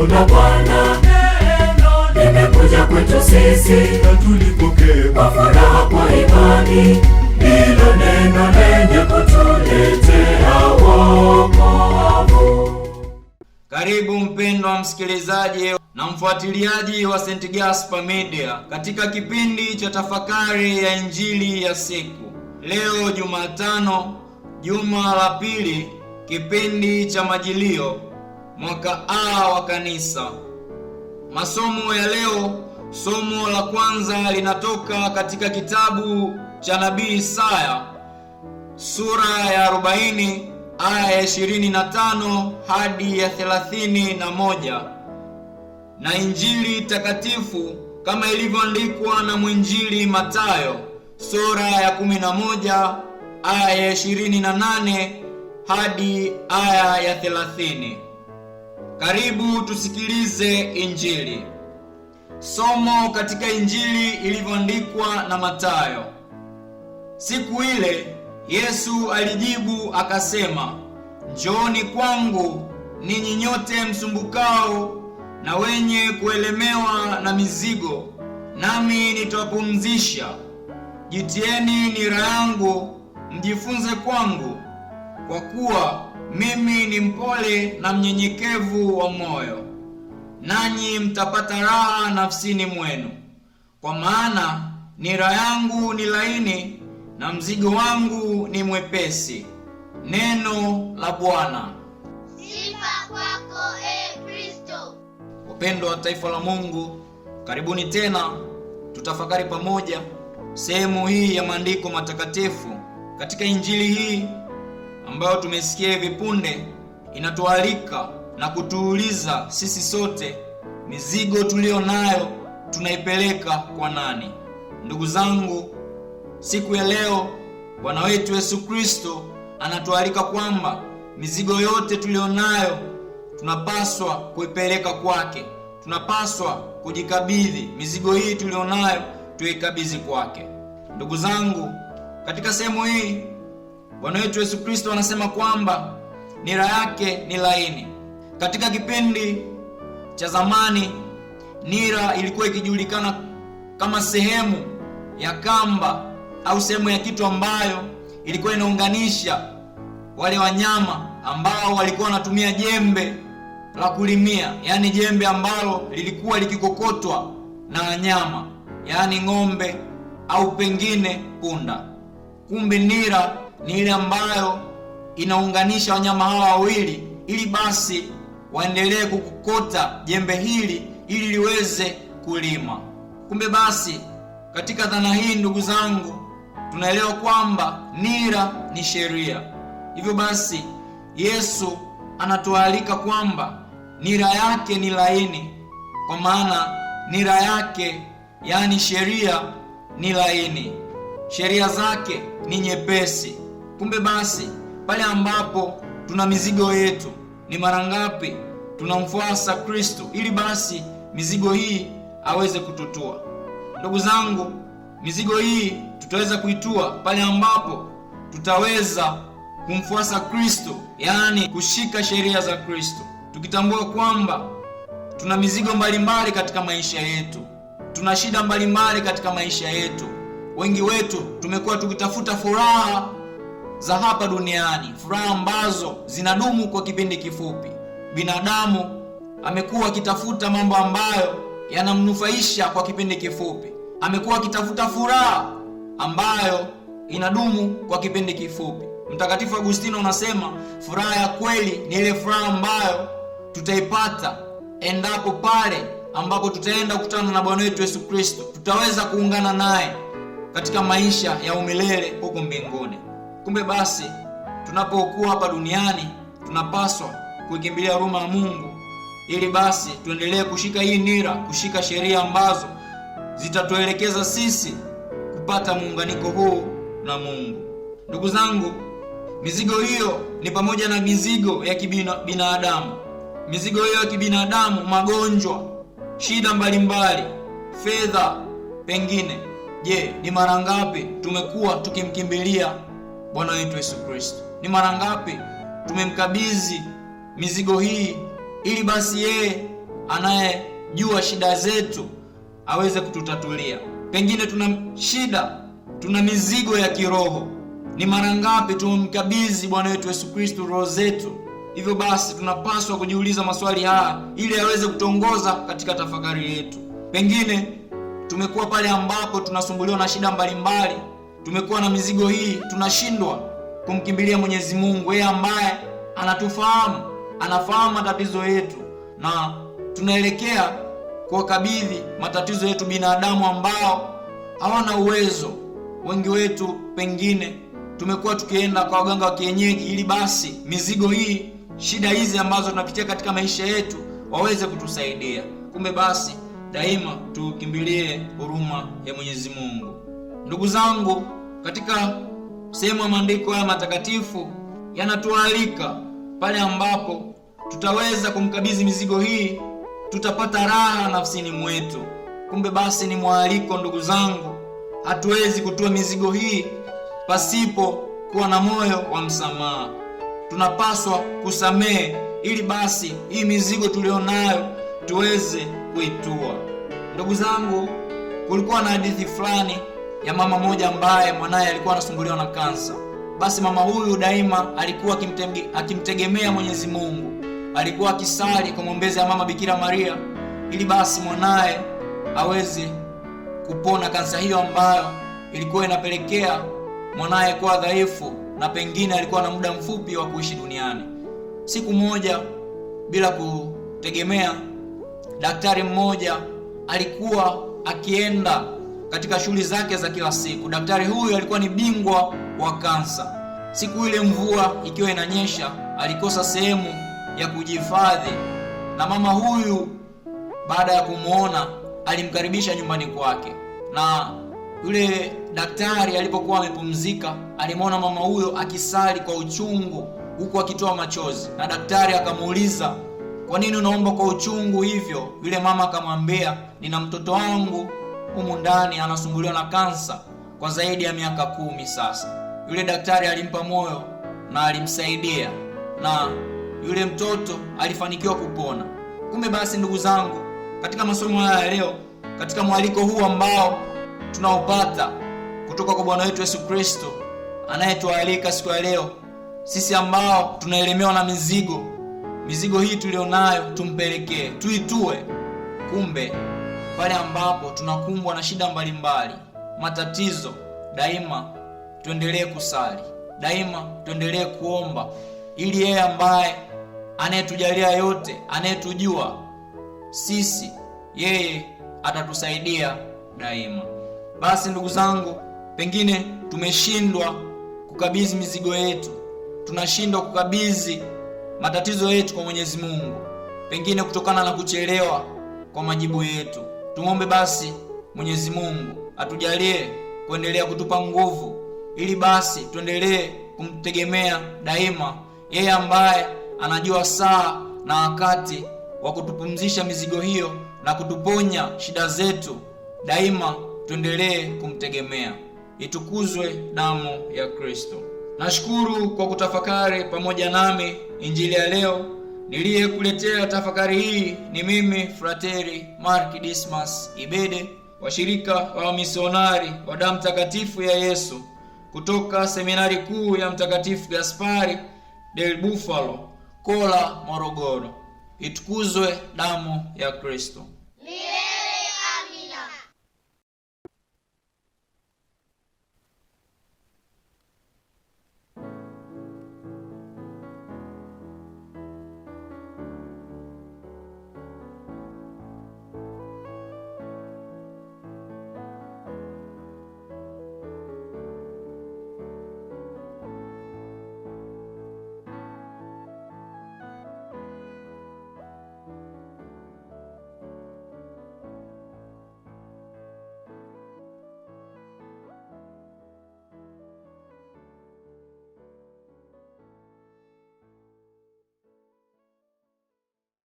Ona Bwana imekuja kwetu sisi, na tulipokee kwa furaha kwa imani. Hilo neno lenye kutuletea wokovu. Karibu mpendwa msikilizaji na mfuatiliaji wa St. Gaspar Media katika kipindi cha tafakari ya injili ya siku leo, Jumatano, juma la pili, kipindi cha Majilio mwaka A wa kanisa. Masomo ya leo, somo la kwanza linatoka katika kitabu cha nabii Isaya sura ya 40 aya ya 25 hadi ya 31, na Injili takatifu kama ilivyoandikwa na mwinjili matayo sura ya 11 aya ya 28 hadi aya ya 30. Karibu tusikilize Injili. Somo katika Injili ilivyoandikwa na Mathayo. Siku ile Yesu alijibu akasema, Njooni kwangu ninyi nyote msumbukao na wenye kuelemewa na mizigo, nami nitawapumzisha. Jitieni nira yangu, mjifunze kwangu kwa kuwa mimi ni mpole na mnyenyekevu wa moyo, nanyi mtapata raha nafsini mwenu, kwa maana nira yangu ni laini na mzigo wangu ni mwepesi. Neno la Bwana. Sifa kwako e Kristo. Wapendwa wa taifa la Mungu, karibuni tena tutafakari pamoja sehemu hii ya maandiko matakatifu katika injili hii ambayo tumesikia hivi punde inatualika na kutuuliza sisi sote, mizigo tuliyo nayo tunaipeleka kwa nani? Ndugu zangu, siku ya leo Bwana wetu Yesu Kristo anatualika kwamba mizigo yote tuliyo nayo tunapaswa kuipeleka kwake, tunapaswa kujikabidhi mizigo hii tuliyo nayo tuikabidhi kwake. Ndugu zangu, katika sehemu hii Bwana wetu Yesu Kristo anasema kwamba nira yake ni laini. Katika kipindi cha zamani, nira ilikuwa ikijulikana kama sehemu ya kamba au sehemu ya kitu ambayo ilikuwa inaunganisha wale wanyama ambao walikuwa wanatumia jembe la kulimia, yaani jembe ambalo lilikuwa likikokotwa na wanyama, yaani ng'ombe au pengine punda. Kumbe nira ni ile ambayo inaunganisha wanyama hawa wawili, ili basi waendelee kukokota jembe hili ili liweze kulima. Kumbe basi katika dhana hii, ndugu zangu, tunaelewa kwamba nira ni sheria. Hivyo basi Yesu anatualika kwamba nira yake ni laini, kwa maana nira yake yaani sheria ni laini, sheria zake ni nyepesi. Kumbe basi pale ambapo tuna mizigo yetu, ni mara ngapi tunamfuasa Kristo ili basi mizigo hii aweze kututua. Ndugu zangu, mizigo hii tutaweza kuitua pale ambapo tutaweza kumfuasa Kristo, yaani kushika sheria za Kristo, tukitambua kwamba tuna mizigo mbalimbali katika maisha yetu, tuna shida mbalimbali katika maisha yetu. Wengi wetu tumekuwa tukitafuta furaha za hapa duniani, furaha ambazo zinadumu kwa kipindi kifupi. Binadamu amekuwa akitafuta mambo ambayo yanamnufaisha kwa kipindi kifupi, amekuwa akitafuta furaha ambayo inadumu kwa kipindi kifupi. Mtakatifu Agustino unasema furaha ya kweli ni ile furaha ambayo tutaipata endapo pale ambapo tutaenda kukutana na Bwana wetu Yesu Kristo, tutaweza kuungana naye katika maisha ya umilele huko mbinguni. Kumbe basi tunapokuwa hapa duniani tunapaswa kuikimbilia huruma ya Mungu ili basi tuendelee kushika hii nira, kushika sheria ambazo zitatuelekeza sisi kupata muunganiko huu na Mungu. Ndugu zangu, mizigo hiyo ni pamoja na mizigo ya kibinadamu, mizigo hiyo ya kibinadamu, magonjwa, shida mbalimbali, fedha pengine. Je, ni mara ngapi tumekuwa tukimkimbilia Bwana wetu Yesu Kristo. Ni mara ngapi tumemkabidhi mizigo hii, ili basi yeye anayejua shida zetu aweze kututatulia. Pengine tuna shida, tuna mizigo ya kiroho. Ni mara ngapi tumemkabidhi Bwana wetu Yesu Kristo roho zetu? Hivyo basi tunapaswa kujiuliza maswali haya ili aweze kutongoza katika tafakari yetu. Pengine tumekuwa pale ambapo tunasumbuliwa na shida mbalimbali Tumekuwa na mizigo hii, tunashindwa kumkimbilia Mwenyezi Mungu, yeye ambaye anatufahamu, anafahamu matatizo yetu, na tunaelekea kuwakabidhi matatizo yetu binadamu ambao hawana uwezo. Wengi wetu pengine tumekuwa tukienda kwa waganga wa kienyeji, ili basi mizigo hii, shida hizi ambazo tunapitia katika maisha yetu waweze kutusaidia. Kumbe basi daima tukimbilie huruma ya Mwenyezi Mungu. Ndugu zangu, katika sehemu ya maandiko haya matakatifu yanatualika pale ambapo tutaweza kumkabidhi mizigo hii, tutapata raha nafsini mwetu. Kumbe basi ni mwaliko ndugu zangu, hatuwezi kutua mizigo hii pasipo kuwa na moyo wa msamaha. Tunapaswa kusamehe ili basi hii mizigo nayo tuweze kuitua. Ndugu zangu, kulikuwa na hadithi fulani ya mama moja ambaye mwanaye alikuwa anasumbuliwa na kansa. Basi mama huyu daima alikuwa akimtegemea Mwenyezi Mungu, alikuwa akisali kwa maombezi ya mama Bikira Maria ili basi mwanaye aweze kupona kansa hiyo ambayo ilikuwa inapelekea mwanaye kuwa dhaifu na pengine alikuwa na muda mfupi wa kuishi duniani. Siku moja bila kutegemea, daktari mmoja alikuwa akienda katika shughuli zake za kila siku. Daktari huyu alikuwa ni bingwa wa kansa. Siku ile mvua ikiwa inanyesha, alikosa sehemu ya kujihifadhi, na mama huyu baada ya kumwona alimkaribisha nyumbani kwake, na yule daktari alipokuwa amepumzika, alimwona mama huyo akisali kwa uchungu, huku akitoa machozi, na daktari akamuuliza, kwa nini unaomba kwa uchungu hivyo? Yule mama akamwambia, nina mtoto wangu humu ndani anasumbuliwa na kansa kwa zaidi ya miaka kumi sasa. Yule daktari alimpa moyo na alimsaidia na yule mtoto alifanikiwa kupona. Kumbe basi, ndugu zangu, katika masomo haya ya leo, katika mwaliko huu ambao tunaopata kutoka kwa Bwana wetu Yesu Kristo anayetualika siku ya leo, sisi ambao tunaelemewa na mizigo, mizigo hii tulionayo tumpelekee, tuitue. Kumbe pale ambapo tunakumbwa na shida mbalimbali mbali, matatizo, daima tuendelee kusali, daima tuendelee kuomba ili yeye ambaye anayetujalia yote, anayetujua sisi, yeye atatusaidia daima. Basi ndugu zangu, pengine tumeshindwa kukabidhi mizigo yetu, tunashindwa kukabidhi matatizo yetu kwa Mwenyezi Mungu, pengine kutokana na kuchelewa kwa majibu yetu. Tumwombe basi Mwenyezi Mungu atujalie kuendelea kutupa nguvu, ili basi tuendelee kumtegemea daima yeye ambaye anajua saa na wakati wa kutupumzisha mizigo hiyo na kutuponya shida zetu. Daima tuendelee kumtegemea. Itukuzwe damu ya Kristo. Nashukuru kwa kutafakari pamoja nami injili ya leo. Niliyekuletea tafakari hii ni mimi Frateri Mark Dismas Ibede, washirika wa misionari wa damu takatifu ya Yesu kutoka seminari kuu ya Mtakatifu Gaspari del Bufalo, Kola, Morogoro. Itukuzwe damu ya Kristo!